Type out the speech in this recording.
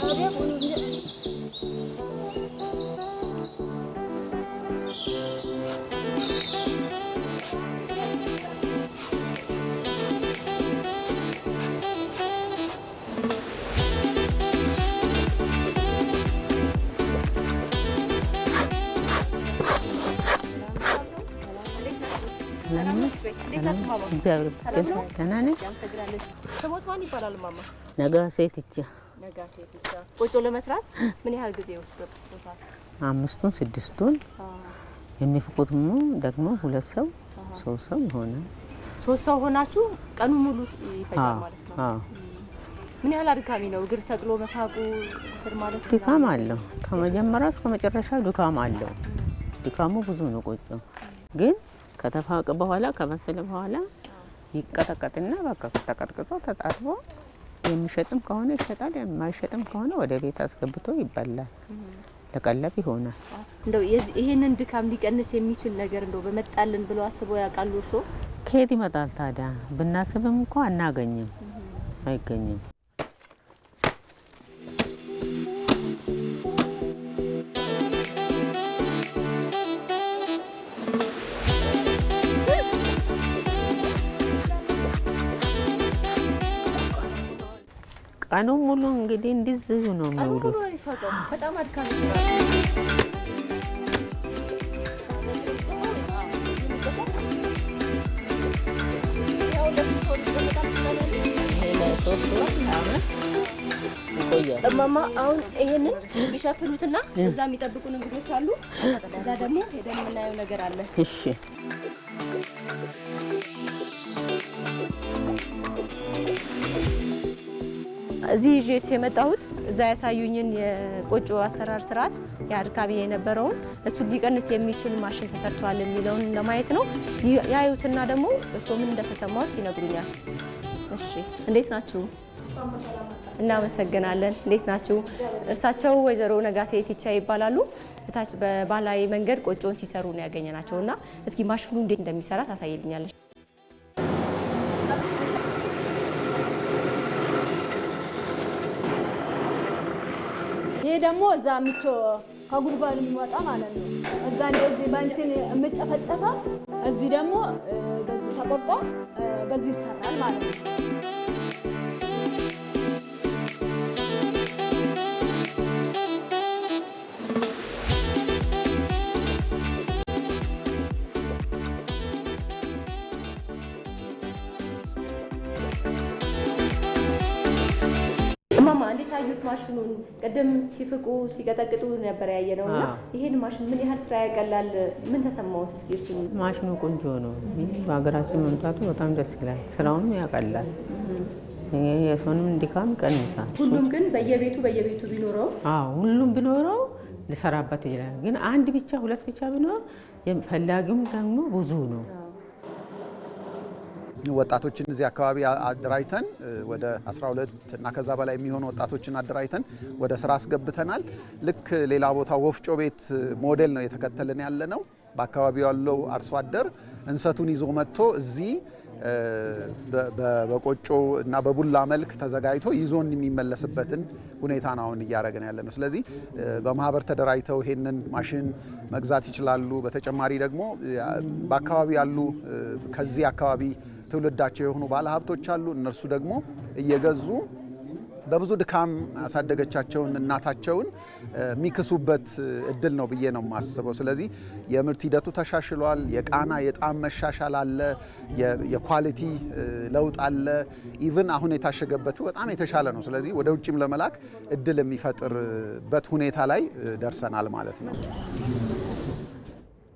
他也不牛逼。እግዚአብሔር ይመስገን ደህና ነኝ። ነገ ሴት ይቻ ቆጮ ለመስራት ምን ያህል ጊዜ ይወስዳል? አምስቱን ስድስቱን የሚፍቁት ደግሞ ሁለት ሰው ሶስት ሰው ሆነ ሶስት ሰው ሆናችሁ ቀኑ ሙሉ ይፈጃል ምን ያህል አድካሚ ነው? እግር ሰቅሎ መፋቁ ማለት ድካም አለው። ከመጀመሪያ እስከ መጨረሻ ድካም አለው። ድካሙ ብዙ ነው። ቆጮ ግን ከተፋቀ በኋላ ከበሰለ በኋላ ይቀጠቀጥና በቃ ተቀጥቅጦ ተጣጥቦ የሚሸጥም ከሆነ ይሸጣል፣ የማይሸጥም ከሆነ ወደ ቤት አስገብቶ ይበላል። ለቀለብ ይሆናል። እንደው ይህንን ድካም ሊቀንስ የሚችል ነገር እንደው በመጣልን ብሎ አስበው ያውቃሉ እርስዎ? ከየት ይመጣል ታዲያ? ብናስብም እንኳ አናገኝም፣ አይገኝም። ቀኑ ሙሉ እንግዲህ እንዲዝዙ ነው የሚውሉት። እማማ አሁን ይሄንን ይሸፍኑትና እዛ የሚጠብቁን እንግዶች አሉ። እዛ ደግሞ ሄደን የምናየው ነገር አለ። እሺ እዚህ ይዤት የመጣሁት እዛ ያሳዩኝን የቆጮ አሰራር ስርዓት የአድካቢ የነበረውን እሱን ሊቀንስ የሚችል ማሽን ተሰርቷል የሚለውን ለማየት ነው። ያዩትና ደግሞ እሱ ምን እንደተሰማት ይነግሩኛል። እሺ፣ እንዴት ናችሁ? እናመሰግናለን። እንዴት ናችሁ? እርሳቸው ወይዘሮ ነጋሴ ቲቻ ይባላሉ። በታች በባህላዊ መንገድ ቆጮን ሲሰሩ ነው ያገኘናቸው እና እስኪ ማሽኑ እንዴት እንደሚሰራ ታሳይልኛለች። ይሄ ደግሞ እዛ ምቾ ከጉድጓድ የሚወጣ ማለት ነው። እዛ እንደዚህ በእንትን የምጨፈጨፈ እዚህ ደግሞ በዚህ ተቆርጦ በዚህ ይሰራል ማለት ነው። እማማ እንዴት አዩት ማሽኑን? ቅድም ሲፍቁ ሲቀጠቅጡ ነበር ያየ ነው እና ይሄን ማሽን ምን ያህል ስራ ያቀላል? ምን ተሰማውት? እስኪ እሱ ማሽኑ ቆንጆ ነው። በሀገራችን መምጣቱ በጣም ደስ ይላል። ስራውም ያቀላል፣ የሰውንም እንዲካም ቀንሳል። ሁሉም ግን በየቤቱ በየቤቱ ቢኖረው ሁሉም ቢኖረው ልሰራበት ይችላል። ግን አንድ ብቻ ሁለት ብቻ ቢኖር ፈላጊውም ደግሞ ብዙ ነው ወጣቶችን እዚህ አካባቢ አደራጅተን ወደ 12 እና ከዛ በላይ የሚሆኑ ወጣቶችን አደራጅተን ወደ ስራ አስገብተናል። ልክ ሌላ ቦታ ወፍጮ ቤት ሞዴል ነው የተከተልን ያለ ነው። በአካባቢው ያለው አርሶ አደር እንሰቱን ይዞ መጥቶ እዚህ በቆጮ እና በቡላ መልክ ተዘጋጅቶ ይዞን የሚመለስበትን ሁኔታ ነው አሁን እያደረግን ያለ ነው። ስለዚህ በማህበር ተደራጅተው ይሄንን ማሽን መግዛት ይችላሉ። በተጨማሪ ደግሞ በአካባቢ ያሉ ከዚህ አካባቢ ትውልዳቸው የሆኑ ባለሀብቶች አሉ። እነርሱ ደግሞ እየገዙ በብዙ ድካም ያሳደገቻቸውን እናታቸውን የሚክሱበት እድል ነው ብዬ ነው የማስበው። ስለዚህ የምርት ሂደቱ ተሻሽሏል። የቃና የጣዕም መሻሻል አለ። የኳሊቲ ለውጥ አለ። ኢቭን አሁን የታሸገበቱ በጣም የተሻለ ነው። ስለዚህ ወደ ውጭም ለመላክ እድል የሚፈጥርበት ሁኔታ ላይ ደርሰናል ማለት ነው።